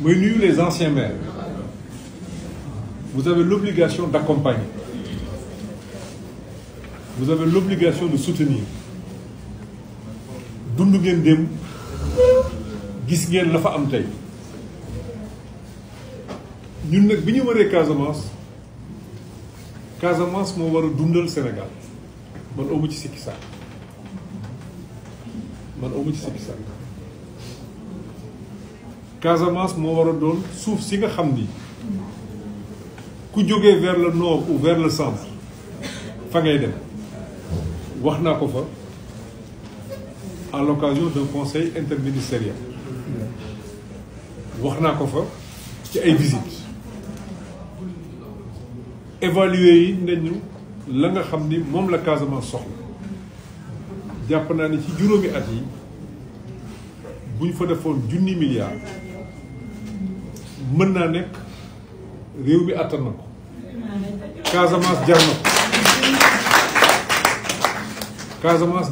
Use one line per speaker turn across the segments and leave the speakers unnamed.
Mais les anciens maires, vous avez l'obligation d'accompagner. Vous avez l'obligation de soutenir. dund ngeen dem gis ngeen la fa am tey ñun nag bi Casamance Casamance moo war dundal Sénégal man amu ci sikki man amu ci sikki Casamance moo war si nga vers le nord ou vers le centre fa ngay dem ko fa à l'occasion d'un conseil interministériel ko fa ci ay visites évaluer yi nañu la nga xam ni la Casamance soxla jàpp naa ni ci buñ fa defoon mën naa nekk réew mi Kazamas. na ko Casamance jar Casamance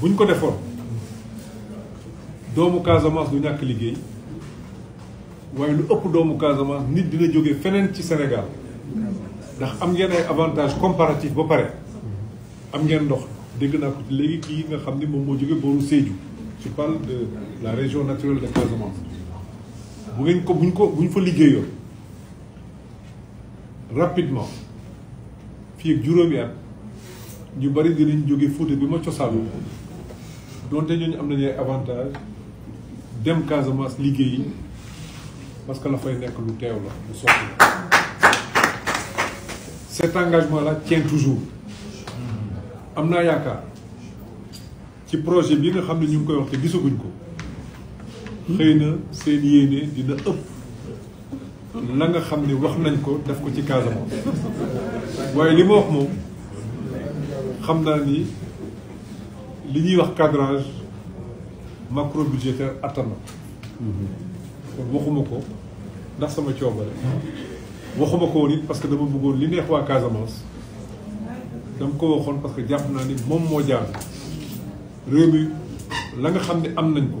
buñ ko Casamance du lu Casamance Sénégal ndax am avantage comparatif ba pare am ngeen ndox dégg je parle de la région naturelle de Casamance bu ngeen ko buñ ko buñ fa liggéeyoon rapidement fii ak juróomi at ñu bari dinañ jóge Fuuta bi ma cosaanu donte ñooñu am nañu ay avantage dem Casamance liggéeyi parce que la fay nekk lu teew la lu sotti la cet engagement là tient toujours am naa yaakaar ci projet bi nga xam ne ñu ngi koy wax te gisaguñ ko xëy na seen yéene dina ëpp la nga xam ne wax nañ ko def ko ci Casamance waaye li ma wax moom xam naa ni li ñuy wax cadrage macro budgétaire attan na kon waxuma ko ndax sama coobare waxuma ko nit parce que dama bëggoon li neex waa Casamance dama ko waxoon parce que jàpp naa ni moom moo jaar réew mi la nga xam ne am nañ ko